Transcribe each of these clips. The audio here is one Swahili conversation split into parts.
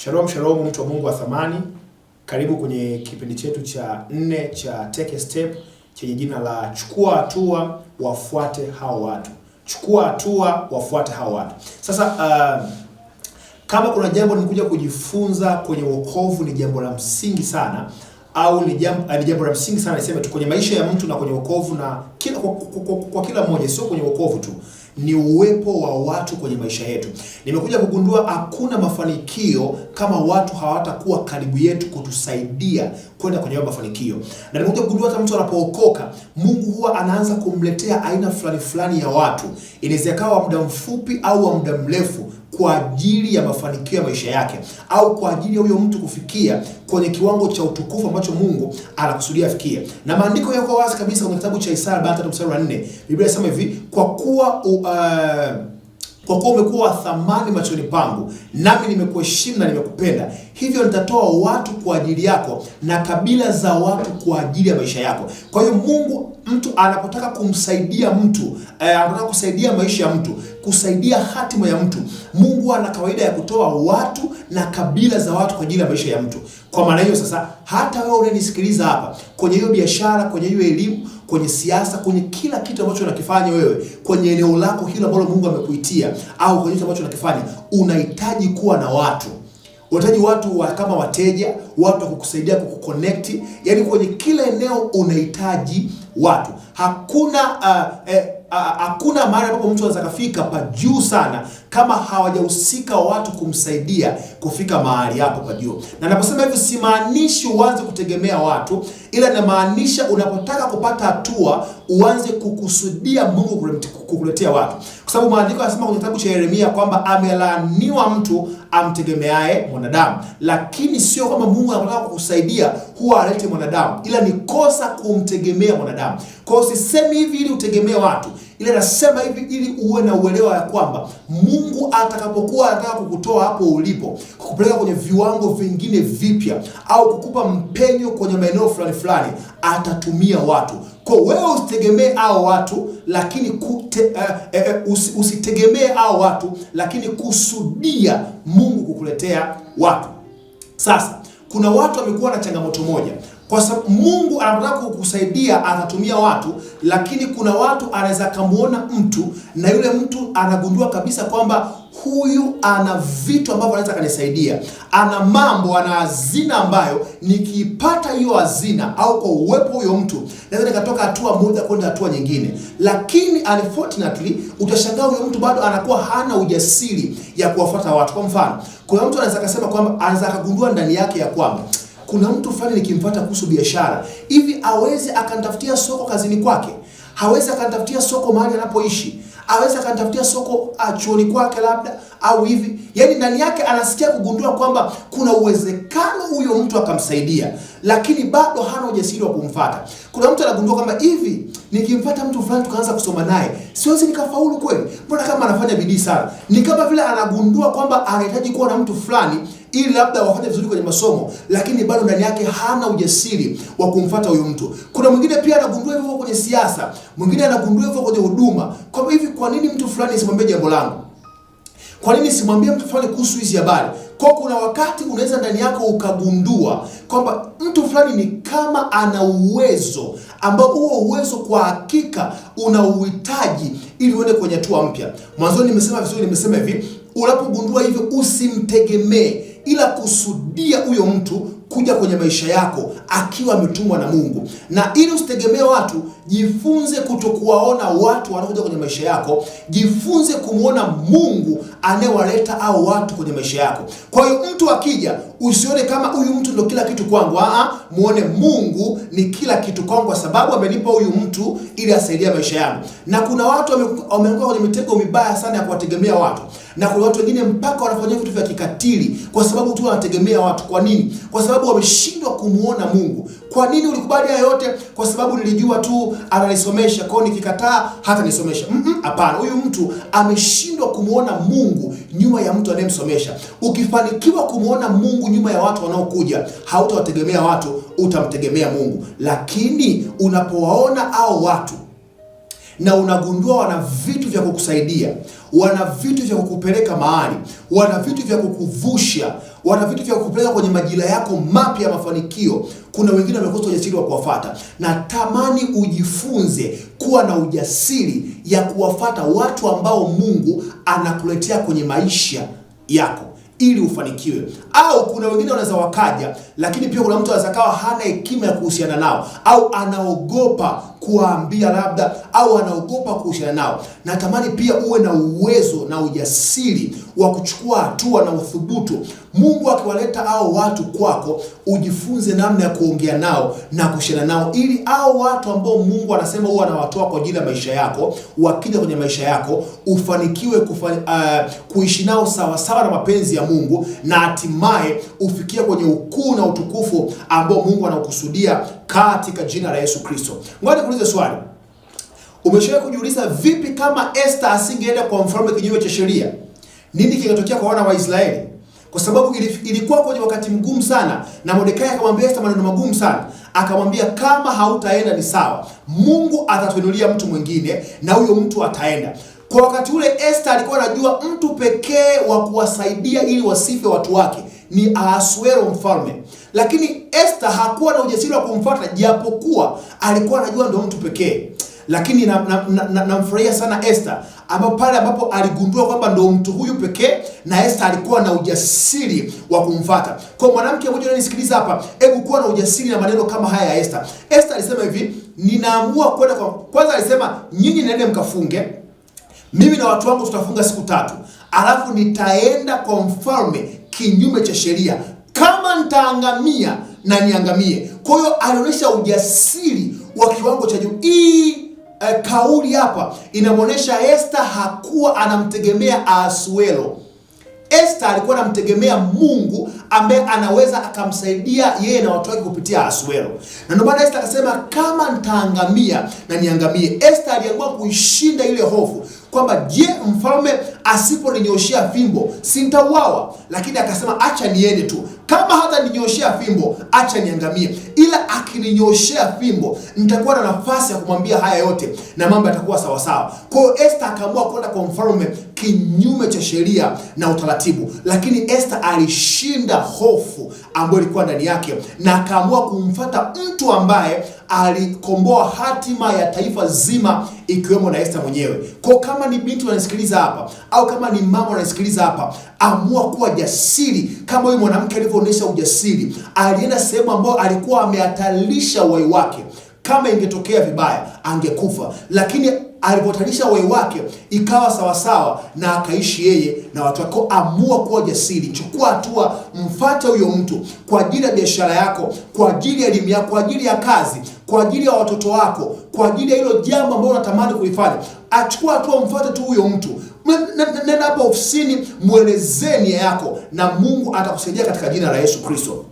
Shalom shalom, mtu wa Mungu wa thamani, karibu kwenye kipindi chetu cha nne cha Take a Step chenye jina la chukua hatua, wafuate hao watu. Chukua hatua, wafuate hao watu. Sasa uh, kama kuna jambo nimekuja kujifunza kwenye wokovu, ni jambo la msingi sana au ni jambo uh, ni jambo la msingi sana niseme tu kwenye maisha ya mtu na kwenye wokovu na kila, kwa, kwa, kwa, kwa kila mmoja, sio kwenye wokovu tu ni uwepo wa watu kwenye maisha yetu. Nimekuja kugundua hakuna mafanikio kama watu hawatakuwa karibu yetu kutusaidia kwenda kwenye hayo mafanikio, na nimekuja kugundua hata mtu anapookoka, Mungu huwa anaanza kumletea aina fulani fulani ya watu, inaweza ikawa muda mfupi au muda mrefu kwa ajili ya mafanikio ya maisha yake au kwa ajili ya huyo mtu kufikia kwenye kiwango cha utukufu ambacho Mungu anakusudia afikie. Na maandiko yako wazi kabisa kwenye kitabu cha Isaya 43:4. Biblia inasema hivi, kwa kuwa uh, kwa kuwa umekuwa thamani machoni pangu, nami nimekuheshimu na nimekupenda, hivyo nitatoa watu kwa ajili yako na kabila za watu kwa ajili ya maisha yako. Kwa hiyo Mungu, mtu anapotaka kumsaidia mtu eh, anapotaka kusaidia maisha ya mtu, kusaidia hatima ya mtu. Mungu ana kawaida ya kutoa watu na kabila za watu kwa ajili ya maisha ya mtu. Kwa maana hiyo sasa, hata wewe unanisikiliza hapa, kwenye hiyo biashara, kwenye hiyo elimu, kwenye siasa, kwenye kila kitu ambacho unakifanya wewe, kwenye eneo lako hilo ambalo Mungu amekuitia, au kwenye kitu ambacho unakifanya, unahitaji kuwa na watu unahitaji watu wa kama wateja, watu wa kukusaidia kukuconnect. Yani kwenye kila eneo unahitaji watu. Hakuna uh, eh, hakuna mahali ambapo mtu anaweza kafika pa juu sana kama hawajahusika watu kumsaidia kufika mahali hapo pa juu. Na naposema hivyo simaanishi uanze kutegemea watu, ila namaanisha unapotaka kupata hatua uanze kukusudia Mungu kukuletea watu, kwa sababu maandiko yanasema kwenye kitabu cha Yeremia kwamba amelaaniwa mtu amtegemeaye mwanadamu. Lakini sio kwamba Mungu anataka kukusaidia huwa alete mwanadamu, ila ni kosa kumtegemea mwanadamu. Kwa hiyo sisemi hivi ili utegemee watu ile nasema hivi ili uwe na uelewa ya kwamba Mungu atakapokuwa anataka kukutoa hapo ulipo, kukupeleka kwenye viwango vingine vipya, au kukupa mpenyo kwenye maeneo fulani fulani, atatumia watu. Kwa wewe usitegemee hao watu lakini kute, uh, eh, eh, eh, uh, uh, usitegemee hao watu lakini kusudia Mungu kukuletea watu. Sasa kuna watu wamekuwa na changamoto moja kwa sababu Mungu anapotaka kukusaidia atatumia watu, lakini kuna watu anaweza akamwona mtu na yule mtu anagundua kabisa kwamba huyu ana vitu ambavyo anaweza akanisaidia, ana mambo, ana hazina ambayo nikiipata hiyo hazina au kwa uwepo huyo mtu naweza nikatoka hatua moja kwenda hatua nyingine. Lakini unfortunately utashangaa huyo mtu bado anakuwa hana ujasiri ya kuwafuata watu. Kwa mfano, kuna mtu anaweza akasema kwamba anaweza akagundua ndani yake ya kwamba kuna mtu fulani nikimfuata kuhusu biashara hivi, aweze akanitafutia soko kazini kwake, hawezi akanitafutia soko mahali anapoishi, aweze akanitafutia soko ah, chuoni kwake labda au hivi. Yaani ndani yake anasikia kugundua kwamba kuna uwezekano huyo mtu akamsaidia, lakini bado hana ujasiri wa kumfuata. Kuna mtu anagundua kwamba hivi, nikimfuata mtu fulani tukaanza kusoma naye, siwezi nikafaulu kweli? Mbona kama anafanya bidii sana? Ni kama vile anagundua kwamba anahitaji kuwa na mtu fulani ili labda wafanye vizuri kwenye masomo, lakini bado ndani yake hana ujasiri wa kumfuata huyo mtu. Kuna mwingine pia anagundua hivyo kwenye siasa, mwingine anagundua hivyo kwenye huduma. Kwa hivyo, kwa nini mtu fulani simwambie jambo langu? Kwa nini simwambie mtu fulani kuhusu hizi habari? Kwa kuna wakati unaweza ndani yako ukagundua kwamba mtu fulani ni kama ana uwezo ambao huo uwezo kwa hakika unauhitaji ili uende kwenye hatua mpya. Mwanzoni nimesema vizuri, nimesema hivi, unapogundua hivyo usimtegemee ila kusudia huyo mtu kuja kwenye maisha yako akiwa ametumwa na Mungu, na ili usitegemee watu Jifunze kutokuwaona watu wanaokuja kwenye maisha yako. Jifunze kumwona Mungu anayewaleta au watu kwenye maisha yako. Kwa hiyo mtu akija, usione kama huyu mtu ndo kila kitu kwangu. Aa, muone Mungu ni kila kitu kwangu, kwa sababu amenipa huyu mtu ili asaidia maisha yangu. Na kuna watu wameanguka kwenye mitego mibaya sana ya kuwategemea watu, na kuna watu wengine mpaka wanafanya vitu vya kikatili kwa sababu tu wanategemea watu. Kwa nini? Kwa sababu wameshindwa kumwona Mungu. Kwa nini ulikubali haya yote? Kwa sababu nilijua tu ananisomesha, kwa nikikataa hata nisomesha. Hapana, mm -mm, huyu mtu ameshindwa kumwona Mungu nyuma ya mtu anayemsomesha. Ukifanikiwa kumwona Mungu nyuma ya watu wanaokuja, hautawategemea watu, utamtegemea Mungu. Lakini unapowaona au watu na unagundua wana vitu vya kukusaidia, wana vitu vya kukupeleka mahali, wana vitu vya kukuvusha wana vitu vya kukupeleka kwenye majira yako mapya ya mafanikio. Kuna wengine wamekosa ujasiri wa kuwafata, na tamani ujifunze kuwa na ujasiri ya kuwafata watu ambao Mungu anakuletea kwenye maisha yako ili ufanikiwe au kuna wengine wanaweza wakaja, lakini pia kuna mtu anaweza kawa hana hekima ya kuhusiana nao, au anaogopa kuwaambia labda, au anaogopa kuhusiana nao. Natamani pia uwe na uwezo na ujasiri wa kuchukua hatua na uthubutu. Mungu akiwaleta hao watu kwako, ujifunze namna ya kuongea nao na kuhusiana nao, ili hao watu ambao Mungu anasema huwa anawatoa kwa ajili ya maisha yako, wakija kwenye maisha yako ufanikiwe kufa, uh, kuishi nao sawasawa na mapenzi ya Mungu na hatimaye hatimaye ufikia kwenye ukuu na utukufu ambao Mungu anakusudia katika jina la Yesu Kristo. Ngoja nikuulize swali. Umeshawahi kujiuliza vipi kama Esther asingeenda kwa mfalme kinyume cha sheria? Nini kingetokea kwa wana wa Israeli? Kwa sababu ilikuwa kwenye wakati mgumu sana, na Mordekai akamwambia Esther maneno magumu sana, akamwambia kama hautaenda ni sawa, Mungu atatuinulia mtu mwingine na huyo mtu ataenda. Kwa wakati ule Esther alikuwa anajua mtu pekee wa kuwasaidia ili wasife watu wake ni Ahasuero mfalme, lakini Esther hakuwa na ujasiri wa kumfuata, japokuwa alikuwa anajua ndio mtu pekee. Lakini namfurahia na, na, na sana Esther ambapo pale ambapo aligundua kwamba ndo mtu huyu pekee, na Esther alikuwa na ujasiri wa kumfuata. Kwa mwanamke mmoja unanisikiliza hapa, hebu kuwa na ujasiri na maneno kama haya ya Esther. Esther alisema hivi, ninaamua kwenda kwa, kwanza alisema nyinyi nende mkafunge mimi na watu wangu tutafunga siku tatu, alafu nitaenda kwa mfalme kinyume cha sheria, kama nitaangamia na niangamie. Kwa hiyo alionyesha ujasiri wa kiwango cha juu. Hii e, kauli hapa inamwonyesha Esther hakuwa anamtegemea Ahasuero Esther alikuwa anamtegemea Mungu ambaye anaweza akamsaidia yeye na watu wake kupitia Asuero, na ndio maana Esther akasema kama nitaangamia na niangamie. Esther aliamua kuishinda ile hofu kwamba je, mfalme asiponinyoshea fimbo sintauawa, lakini akasema acha niende tu kama hata ninyoshea fimbo, acha niangamie, ila akininyoshea fimbo nitakuwa na nafasi ya kumwambia haya yote na mambo yatakuwa sawasawa. Kwa hiyo Esther akaamua kwenda kwa mfalme kinyume cha sheria na utaratibu, lakini Esther alishinda hofu ambayo ilikuwa ndani yake na akaamua kumfata mtu ambaye alikomboa hatima ya taifa zima ikiwemo na Esther mwenyewe. Kwa kama ni binti unanisikiliza hapa au kama ni mama unanisikiliza hapa, amua kuwa jasiri kama huyu mwanamke alivyoonyesha ujasiri. Alienda sehemu ambayo alikuwa amehatarisha uhai wake. Kama ingetokea vibaya angekufa, lakini alivyotanisha wai wake ikawa sawasawa na akaishi yeye na watu wako. Amua kuwa jasiri, chukua hatua, mfate huyo mtu kwa ajili ya biashara yako, kwa ajili ya elimu yako, kwa ajili ya kazi, kwa ajili ya watoto wako, kwa ajili ya hilo jambo ambalo unatamani kulifanya, achukua hatua, mfuate tu huyo mtu. Nenda hapo ofisini, mwelezee nia yako, na Mungu atakusaidia katika jina la Yesu Kristo.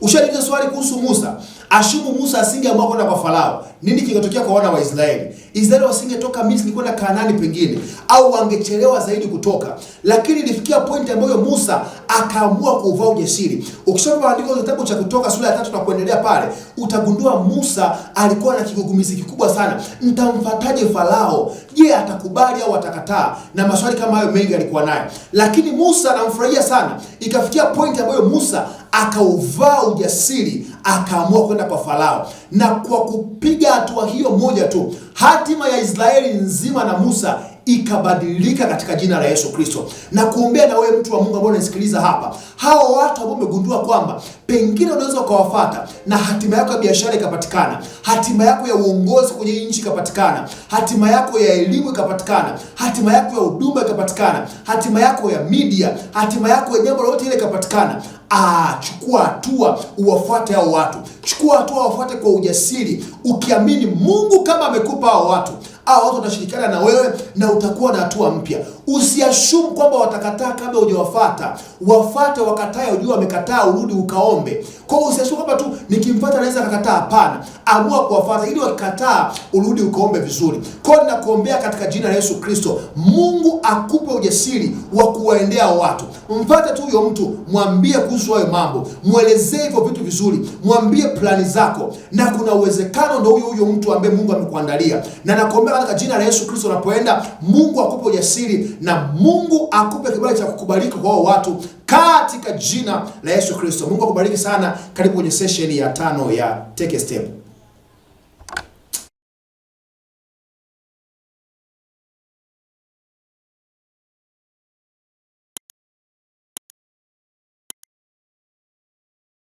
Ushaliza swali kuhusu Musa. Ashumu Musa asingeamua kwenda kwa Farao. Nini kingetokea kwa wana wa Israeli? Israeli wasingetoka Misri kwenda Kanaani pengine au wangechelewa zaidi kutoka. Lakini ilifikia pointi ambayo Musa akaamua kuvua ujasiri. Ukisoma maandiko ya kitabu cha Kutoka sura ya tatu na kuendelea pale, utagundua Musa alikuwa na kigugumizi kikubwa sana. Nitamfuataje Farao? Je, atakubali au atakataa? Na maswali kama hayo mengi alikuwa nayo. Lakini Musa, anamfurahia sana. Ikafikia pointi ambayo Musa akauvaa ujasiri, akaamua kwenda kwa Farao, na kwa kupiga hatua hiyo moja tu, hatima ya Israeli nzima na Musa ikabadilika katika jina la Yesu Kristo. Na kuombea na wewe mtu wa Mungu ambaye unasikiliza hapa, hao watu ambao umegundua kwamba pengine unaweza ukawafata na hatima yako ya biashara ikapatikana, hatima yako ya uongozi kwenye nchi ikapatikana, hatima yako ya elimu ikapatikana, hatima yako ya huduma ikapatikana, hatima yako ya media, hatima yako ya jambo lolote ile ikapatikana. Ah, chukua hatua uwafuate hao watu, chukua hatua uwafuate kwa ujasiri, ukiamini Mungu kama amekupa hao watu au watu watashirikiana na wewe na utakuwa na hatua mpya. Usiashumu kwamba watakataa kabla hujawafata, wafate wakatae, ujue wamekataa, urudi ukaombe. Kwa hiyo usiashumu kwamba tu nikimfata anaweza akakataa. Hapana, amua kuwafata, ili wakikataa urudi ukaombe vizuri. Kwa hiyo ninakuombea katika jina la Yesu Kristo, Mungu akupe ujasiri wa kuwaendea watu. Mpate tu huyo mtu, mwambie kuhusu hayo mambo, mwelezee hivyo vitu vizuri, mwambie plani zako, na kuna uwezekano ndo huyo huyo mtu ambaye Mungu amekuandalia. Na nakuombea katika jina la Yesu Kristo, unapoenda Mungu akupe ujasiri na Mungu akupe kibali cha kukubalika kwa watu katika jina la Yesu Kristo. Mungu akubariki sana. Karibu kwenye sesheni ya tano ya Take a Step.